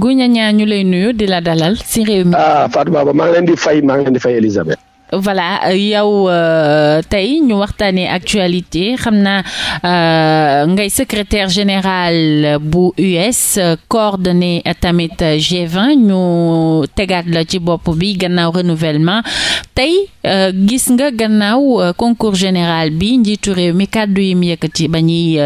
Gougne Niang ñu lay nuyu di la dalal ci réew mi. ah Fatou Baba maa ngi leen di fay maa ngi leen di fay voilà euh, yow euh, tey ñu waxtaanee actualité xam naa euh, ngay secretaire général bu US coordonné tamit G20 ñu tegaat la ci bopp bi gannaaw renouvellement tey gis nga gannaaw concours général bi njiitu réew mi kàddu yi mu yëkkati ba ñuy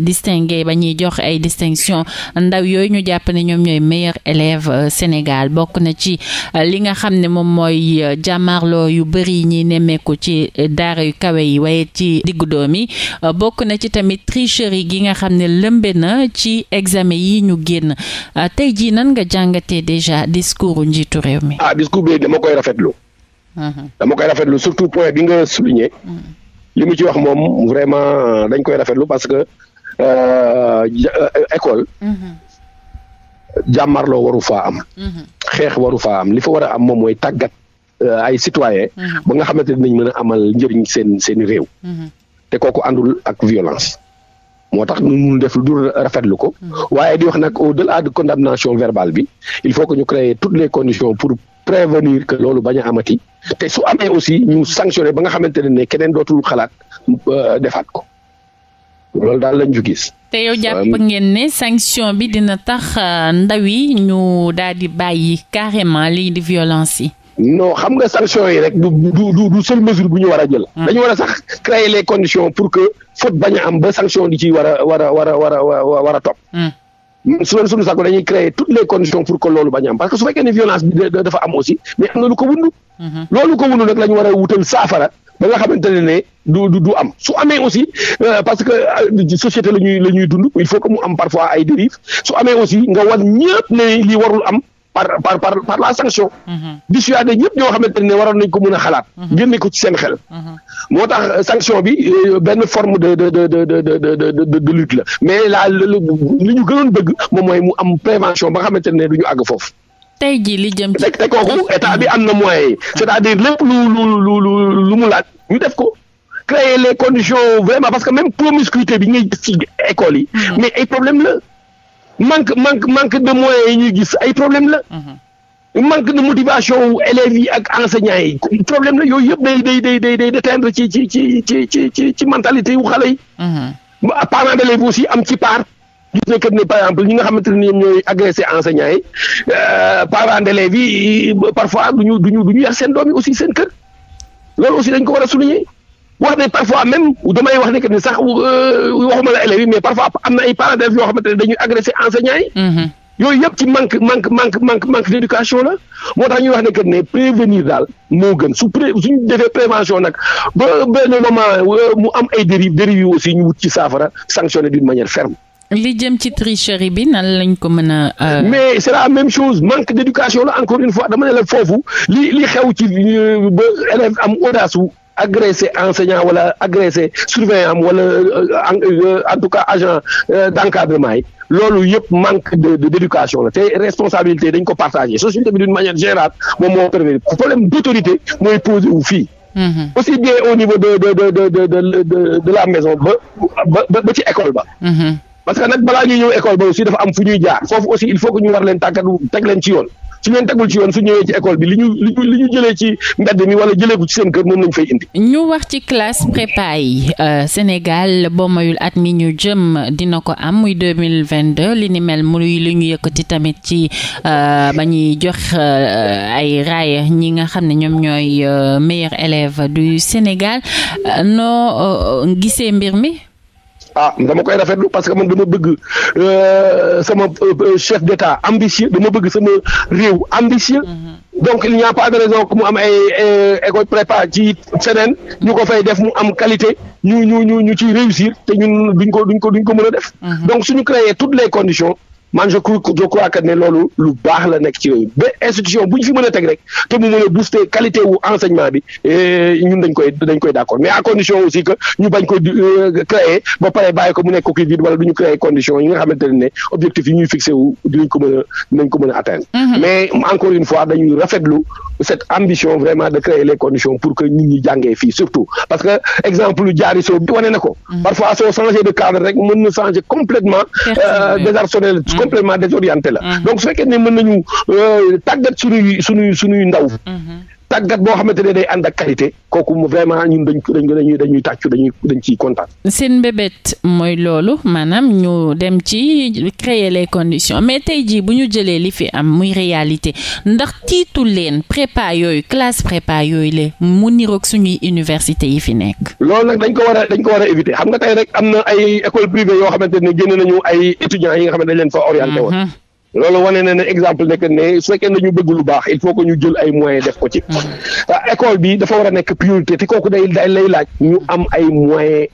distinguer ba ñuy jox ay distinction ndaw yooyu ñu jàpp ne ñoom ñooy meilleur élève Sénégal bokk na ci li nga xam ne moom mooy jàmmaarloo yu bëri yi ñuy nemmeeku ci eh, daara yu kawe yi waaye ci diggu doom yi eh, bokk na ci tamit tricherie gi nga xam ne lëmbe na ci examen yi ñu génn eh, tey jii nan nga jàngatee déjà discours njiitu réew mi. ah discours bi dama koy rafetlu. Mhm. dama koy rafetlu surtout point bi nga souligner. Mhm. li mu ci wax moom vraiment dañ koy rafetlu parce que euh, euh, école. Mhm. jàmmarloo waru faa am. xeex waru faa am li fa war a am moom mooy tàggat. Euh, ay citoyens. Mhm. ba nga xamante ne dinañ mën a amal njëriñ seen seen réew. Mhm. te kooku àndul ak violence. moo tax ñu def lu dul rafetlu ko. Mhm. waaye di wax nag au delà de condamnation verbale bi il faut que ñu créer toutes les conditions pour prévenir que loolu bañ a amati te su amee aussi ñu sanctionné ba nga xamante ne ne keneen dootul xalaat euh, defaat ko loolu daal lañ ju gis. te yow jàpp euh, ngeen ne sanction bi dina tax ndaw yi ñu daal di bàyyi carrément lii di violence yi. non xam nga sanction yi rek du du du du seule mesure bu ñu war a jël. Hmm. dañu war a sax créer les conditions pour que faute bañ a am ba sanction di ci war a war a war a war a war a topp. Hmm. Hmm. su doon suñu sàkku dañuy créer toutes les pour loolu bañ am parce que su violence dafa am aussi mais am na lu ko wundu. loolu ko wundu nag la ñu war a wutal saafara ba nga xamante ne ne du du du am su amee aussi euh, parce que euh, société la ñuy la ñuy dund il faut que mu am parfois ay dérives su amee aussi nga wan ñëpp ne lii warul am. par par par par la sanction. Mhm. dissuader ñëpp ñoo xamante ne waroon nañ ko mën a xalaat. Mhm. génne ko ci seen xel. Mhm. moo tax euh, sanction bi euh, benn forme de de de de de de de lutte la mais la li ñu gënoon bëgg moom mooy mu am prévention ba nga xamante ne du ñu àgg foofu. tey jii li jëm ci te kooku état bi am na moyens yi. c'est-à-dire lu lu lu lu mu laaj ñu def ko. créer les condition vraiment parce que même promiscuité bi ngay gis école yi. mais ay problème la. manque manque manque de moyens yi ñuy gis ay problème la. Mhm. manque de motivation élèves yi ak enseignants yi problème la yooyu yëpp day day day day day déteindre ci ci ci ci ci ci ci mentalité wu xale yi. Mhm. parents d'élèves aussi am ci part. gis na kat ne par exemple ñi nga xamante ne ñoom ñooy agressé enseignants yi euh, parents d'élèves yi parfois du ñu du ñu du ñu yar seen doom yi aussi seen kër loolu aussi dañ ko war a souligner. wax ne parfois même damay wax ne que sax euh, waxuma la élèves yi mais parfois am na ay parents d'élèves yoo xamante ne dañuy agressé enseignants yi. Mm-hmm. yooyu yëpp ci manque manque manque manque manque d'éducation la moo tax ñuy wax ne que ne prévenir moo gën su pré suñu defee prévention nag ba benn moment euh, mu am ay dérive dérive yi aussi ñu wut ci saafara sanctionné d'une manière ferme. li jëm ci tricherie bi nan lañ ko mën a. Euh, mais c'est la même chose manque d'éducation la encore une fois dama ne la foofu li li xew ci ba élèves am audace agressé enseignant wala agressé surveillant am wala euh, euh, en tout cas agent euh, d'encadrement yi loolu yëpp manque de d'éducation la te responsabilité dañ ko partagé société bi d'une manière générale moom moo prévenu problème d'autorité mooy posé wu fii mm-hmm. aussi bien au niveau de de de de de de la maison ba ba ba ci école ba mm-hmm. parce que nag balaa ñuy ñëw école ba aussi dafa am fu ñuy jaar foofu aussi il faut que ñu war leen tàggat teg leen ci yoon suñ leen tegul ci yoon su ñëwee ci école bi li ñu li ci mbedd mi wala jëlee ko ci seen kër moom lañ fay indi. ñu wax ci classe prépa yi euh, Sénégal boo moyul at mi ñu jëm dina ko am muy deux mille vingt deux li ni mel muy li ñu yëkkati tamit ci euh, ba ñuy jox euh, ay raaya ñi nga xam ne ñoom ñooy meilleurs élèves du Sénégal noo gisee mbir mi. ah dama koy rafetlu parce que man dama bëgg euh, sama euh, chef d'état ambitieux dama bëgg sama réew ambitieux. Mhm. donc il n'y a pas de raison mu am ay euh, école prépa ci feneen ñu ko fay def mu am qualité ñu ñu ñu ñu ciy réussir te ñun duñ ko duñ ko duñ ko mën a def. Mhm. donc suñu créer toutes les conditions. man je crois je crois que ne loolu lu baax la nekk ci réew ba institution bu ñu fi mën a teg rek te mu mën a booster qualité wu enseignement bi eh, ñun dañ koy dañ koy d' mais à condition aussi que ñu bañ ko euh, créer ba pare bàyyi ko mu nekk coquille vide wala du ñu créer condition yi nga xamante ne ne objectif yi ñuy fixé wu dinañ ko mën a dinañ ko mën a atteindre mm-hmm. mais encore une fois dañuy rafetlu cette ambition vraiment de créer les conditions pour que nit ñi jàngee fii surtout parce que exemple lu jaari soo bi wane na ko mm-hmm. parfois soo changé de cadre rek mën na changer complètement euh, désarçonné mm-hmm. complètement désorienté la mm-hmm. donc su fekkee ne mën nañu euh, tàggat suñuy suñuy suñuy ndaw tàggat boo xamante ne day ànd ak qualité kooku mu vraiment ñun dañ ko dañuy dañuy tàccu dañuy dañ ciy kontaan. seen mbébét mooy loolu maanaam ñu dem ci créer les conditions mais tey jii bu ñu jëlee li fi am muy réalité ndax tiitu leen prépa yooyu classe prépa yooyu la mu niroog suñuy université yi fi nekk. loolu nag dañ ko war a dañ ko war a éviter xam nga tey rek am na ay école privée yoo xamante ne génne nañu ay étudiants yi nga xam ne dañ leen fa orienté woon. Mm-hmm. loolu wanee na ne exemple nekk ne su fekkee ñu bëgg lu baax il faut que ñu jël ay moyens def ko ci mm. ah, école bi dafa war a nekk priorité te kooku day day lay laaj ñu am ay moyens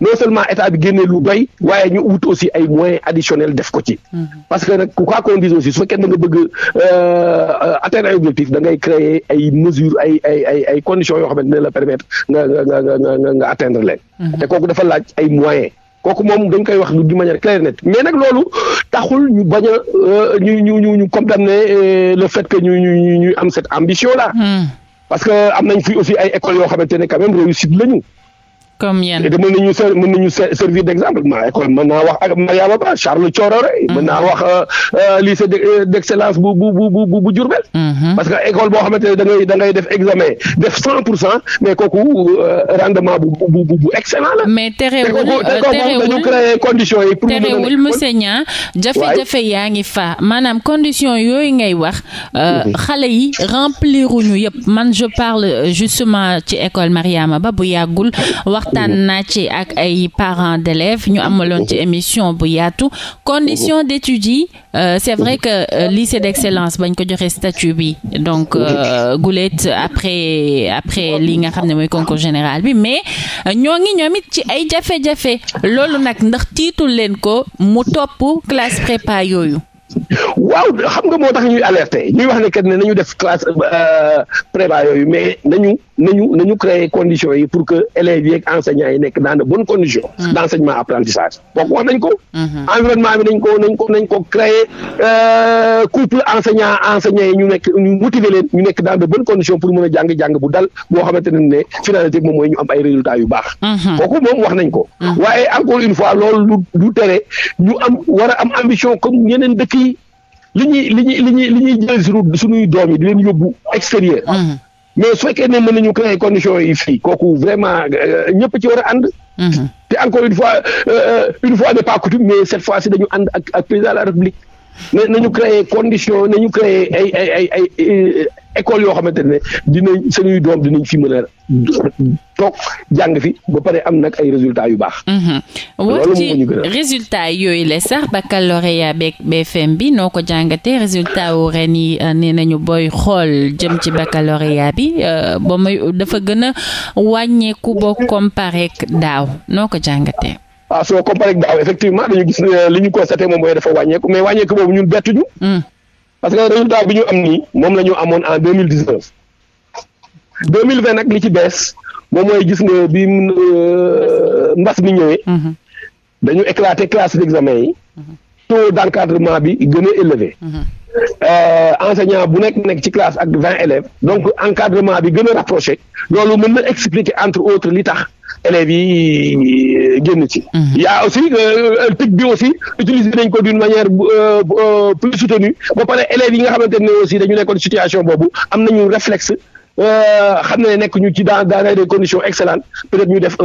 non seulement état bi génnee lu doy waaye ñu wut aussi ay moyens additionnels def ko ci mm. parce que nag quoi qu'on dise aussi su fekkee da nga bëgg euh, euh, atteindre ay objectif da ngay créer ay mesures ay ay ay ay conditions yoo xamante ne la permettre nga nga nga nga nga atteindre leen mm-hmm. te kooku dafa laaj ay moyens kooku moom dañu koy wax du manière claire net mais nag loolu taxul ñu bañ a euh, ñu ñu ñu ñu condamner euh, le fait que ñu ñu ñu am cette ambition la hmm. parce que am nañ fi aussi ay écoles yo xamante ne quand même réussite lañu. comme yan léegi mën nañu ser d' école mën naa wax Mariama Ba Charles Thiororé. Mhm. mën naa wax euh, euh, lycée d' euh, excellence bu bu bu bu mhm. parce que école boo xamante ne da ngay da ngay def examen def cent pour cent mais kooku rendement bu bu bu la. mais terewul terewul dañu créer conditions yi. pour terewul monsieur Niang jafe-jafe yaa ngi fa maanaam condition yooyu ngay wax mhm. xale yi rempliruñu yëpp man je parle justement ci école Mariama Ba bu yàggul wax. waxtaan mmh. naa ci ak ay parents d'élèves ñu amaloon ci mmh. émission bu yaatu condition mmh. d'études yi euh, c'est vrai que li euh, lycée d'excellence bañ ko joxe statut bi donc euh, gulet après après li nga xam ne mooy concours général bi mais ñoo ngi ñoom it ci ay jafe-jafe loolu nag ndax tiitul leen ko mu topp classe prépa yooyu waaw xam nga moo tax ñuy alerter ñuy wax ne kat ne nañu def classe euh, prépa yooyu mais nañu nañu nañu créer conditions yi pour que élèves yi ak enseignants yi nekk dans de bonnes conditions mm. d' enseignement apprentissage nañ ko mm-hmm. environnement bi nañ ko nañ ko nañ ko créer euh, couple enseignant enseignants yi ñu nekk ñu motiver leen ñu nekk dans de bonnes conditions pour mën a jàng-jàng bu dal boo xamante ne ne finalité moom mooy ñu am ay résultats yu baax mm-hmm. kooku moom wax nañ ko mm-hmm. waaye encore une fois lool du tere ñu am war am ambition comme yeneen dëkk li ñuy li ñuy li ñuy li ñuy jël suñuy doom yi di leen yóbbu extérieur. Mm-hmm. mais su fekkee ne mën nañu créer conditions yi fii kooku vraiment euh, ñëpp ci war a ànd. Mm-hmm. te encore une fois euh, euh, une fois n'est pas coutume mais cette fois-ci dañu ànd ak ak président la République. na nañu créer condition nañu créer ay ay ay ay euh, école yoo xamante ne dinañ senuy doom dinañ fi mën a toog jàng fi ba pare am nag ay résultats yu baax. Mhm. loolu ci résultats yooyu le sax baccalauréat beeg BFM bi noo ko jàngatee résultat wu ren yi euh, nee nañu booy xool jëm ci baccalauréat bi euh, ba muy dafa gën a wàññeeku boo comparé daaw noo ko jàngatee. ah soo comparé ak daaw effectivement dañu gis euh, li ñu constaté moom mooy dafa wàññeeku mais wàññeeku boobu ñun bettuñu. Hmm. parce que résultat bi ñu am nii moom la ñu amoon en deux mille dix mille vingt nag li ci bees moom mooy gis nga bi euh, mbas mi ñëwee. Hmm. Hmm. dañu éclaté classe d' examen yi. taux d' encadrement bi gën a élevé. Euh, enseignant bu nekk nekk ci classe ak vingt élèves donc encadrement bi gën a rapproché loolu mën na expliquer entre autres li tax élèves yi génn ci. Mhm. y a aussi TIC euh, euh, bi aussi utiliser nañ ko d'une manière euh, plus soutenue ba pare élèves yi nga xamante ne aussi dañu nekkoon situation boobu am nañu réflexe. xam na ne nekk ñu ci dans dans des conditions excellentes peut-être ñu def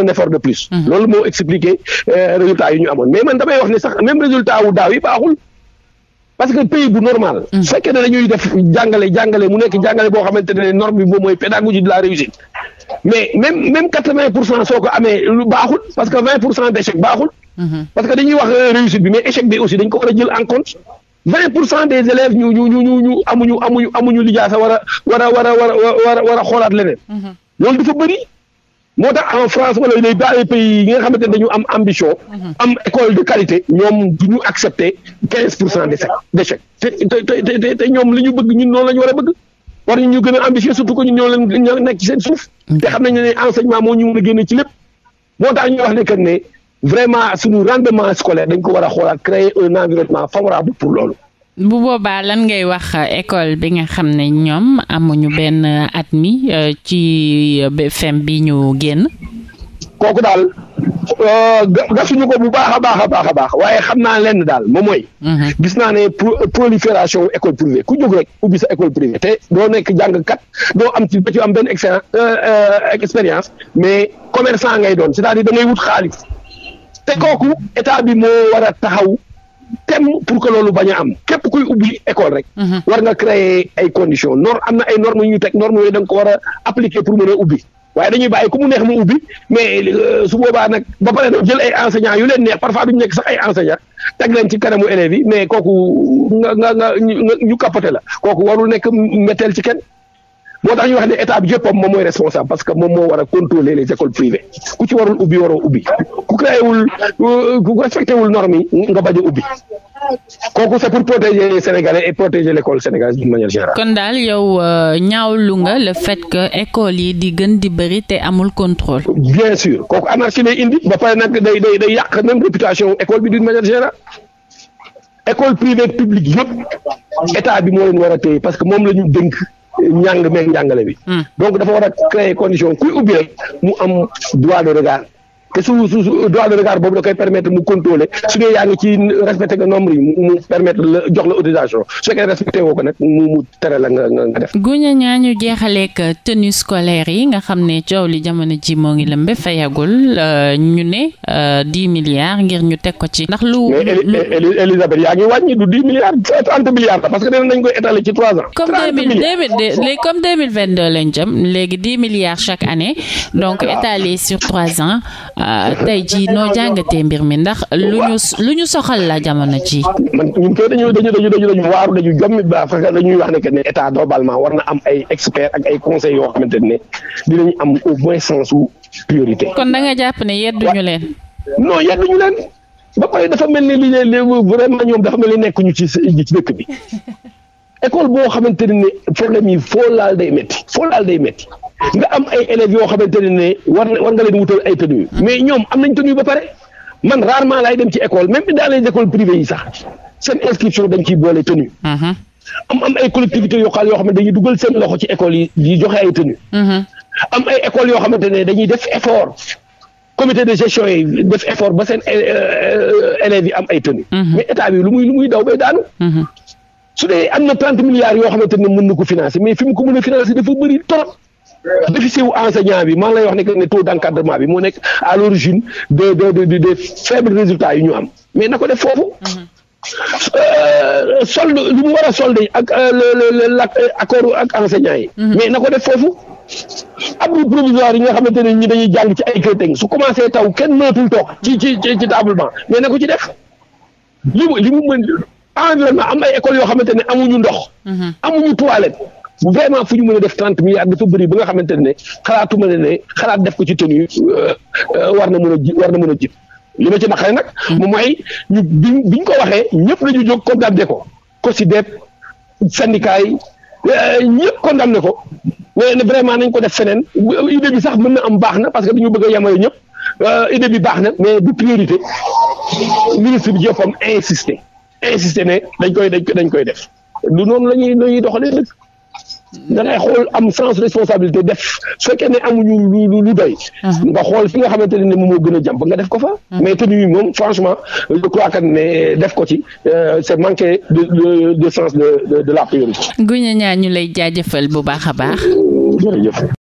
un effort de plus. Mhm. loolu moo expliquer résultat yi ñu amoon mais man damay wax ne sax même résultat wu daaw yi baaxul parce que pays bu normal. Mhm. su dañuy def jàngale jàngale mu nekk jàngale boo xamante ne norme bi moom mooy pédagogie mais même même quatre vingt pour cent soo ko amee lu baaxul parce que vingt pour cent d' échec baaxul. Mm-hmm. parce que dañuy wax euh, réussite bi mais échec bi aussi dañ ko war a jël en compte. vingt pour cent des élèves ñu ñu ñu ñu ñu amuñu amuñu amuñu lijaasa war a war a war a war a war a xoolaat leneen. Mm-hmm. loolu dafa bëri moo tax en France wala les pays yi nga xamante ne dañu am ambition. Mm-hmm. am école de qualité. ñoom du ñu accepter quinze pour cent d'échec d'échec te te te te ñoom li ñu bëgg ñun noonu la ñu war a bëgg. war ñu ñu ñoo leen ñoo nekk ci seen suuf. Mm-hmm. te xam nañ ne enseignement moo ñu mën a génne ci lépp. moo tax ñu wax ne que ne vraiment suñu rendement scolaire dañ ko war a xoolaat créer un environnement favorable pour loolu. bu boobaa lan ngay wax école bi nga xam ne ñoom amuñu benn at mi euh, ci fem bi ñu génn. kooku daal euh, ga suñu ko bu baax a baax a baax a baax waaye xam naa lenn daal moom mooy. Mhm. gis naa ne prolifération wu école privée ku jóg rek ubbi sa école privée te doo nekk jàngkat doo am ci ba ci am benn euh, euh, expérience mais commerçant ngay doon c'est-à-dire da wut xaalis te kooku état bi moo war taxaw tem pour que loolu bañ am képp kuy ubbi école rek. Mhm. war nga créer ay conditions normes am na ay normes ñu teg normes yooyu da nga ko war a pour mën a ubbi. waaye dañuy bàyyi ku mu neex mu ubbi mais euh, su boobaa nag ba pare nag jël ay enseignants yu leen neex parfois duñ nekk sax ay enseignants teg leen ci kanamu élèves yi mais kooku nga nga nga ñu kapote la kooku warul nekk metteel ci kenn. moo tax ñu wax ne état bi yëppam moom mooy responsable parce que moom moo war a contrôler les écoles privées ku ci warul ubbi waroo ubbi ku créé wul euh, ku respecté wul nga bañ a ubbi kooku c'est pour protéger les Sénégalais et protéger l'école sénégalaise d'une manière générale. kon daal yow euh, ñaawlu nga le fait que école yi di gën di bëri te amul contrôle. bien sûr kooku si lay indi ba pare nag day day day yàq même réputation école bi d'une manière générale. école privée publique yëpp état bi moo war a parce que moom la ñu dénk njàng meeg njàngale bi. Hmm. donc dafa war a créer condition kuy ubbi rek mu am droit de regard te su su droit de regard boobu da koy permettre mu contrôler su dee yaa ngi ci respecté nga nombre yi mu permettre la jox la autorisation su fekkee respecté woo ko nag mu mu tere la nga nga def. Gougne ñaa ñu jeexaleeg tenue scolaire yi nga xam ne coow li jamono ji moo ngi lëmbe fayagul euh, ñu ne euh, dix milliards ngir ñu teg ko ci. ndax lu mais e-, Elisabeth yaa ngi wàññi du dix milliards trente milliards la parce que dinañ ko étaler ci trois ans. comme deux mille vingt deux tey jii noo jàngatee mbir mi ndax lu ñu lu ñu soxal la jamono ji man ñun kay dañu dañu dañu dañu dañu waaru dañu jommi baax dañuy wax ne que ne état globalement war na am ay experts ak ay conseils yoo xamante ne ñu am au moins sens su priorité. kon da nga jàpp ne yedduñu leen. non yedduñu leen ba pare dafa mel ni li leen vraiment ñoom dafa mel ni nekkuñu ci ci dëkk bi. école boo xamante ne ni problème yi foo laal day métti foo laal day métti nga am ay élèves yoo xamante ne ne war war nga leen wutal ay tenues hmm. mais ñoom am nañ tenue ba pare man rarement laay dem ci école même dans les écoles privées yi sax seen inscription dañ ciy boole hmm. am ay yoo xam ne dañuy dugal seen loxo ci école yi di joxe ay tenues. Hmm. yoo xamante ne dañuy def effort. comité de gestion yi def effort ba seen euh, euh, élèves yi am ay tenues. mais état bi lu muy daw bay daanu. su dee am na trente milliards yoo xamante ne mën na ko financer mais fi mu ko mën bi maa ngi lay wax ne que ne taux d' encadrement bi moo nekk à l' origine de de ñu am mais na ko def foofu. Euh, solde lu mu war a solde ak euh, le le accord ak enseignant yi. Mhm. mais na ko def foofu. abri provisoire yi nga xamante ne ñi dañuy jàng ci ay kër teg su commencé taw kenn nootul toog ci ci ci table mais na ko ci def li mu li mu mën. environnement am ay écoles yoo xamante ne amuñu ndox. Mhm. amuñu toilette vraiment fu ñu mën a def trente milliards dafa bëri ba nga xamante ne xalaatuma ne xalaat def ko ci tenue euh, euh, war na mën a ji war na mën a ji li ma ci naqare nag. Mhm. moom mooy ñu biñ biñ ko waxee ñëpp dañu jóg condamné ko ko si dépp syndicat yi euh, ñëpp condamné ko ne vraiment nañ ko def feneen idée bi sax mën na am baax na parce que dañu bëgg a yemale ñëpp idée bi baax na mais du priorité ministre bi jëppam insister. insister ne dañ koy dañ koy dañ koy def du noonu la ñuy la ñuy doxalee dëkk da ngay xool am sens responsabilité def su fekkee ne amuñu lu lu lu doy. Mhm. nga xool fi nga xamante ne moom moo gën a jàmp nga def ko fa. Mhm. mais tenue yi moom franchement je crois que ne def ko ci euh, c'est manqué de de de sens de de la priorité. Gougne Niang ñu lay jaajafal bu baax a baax. jërëjëf.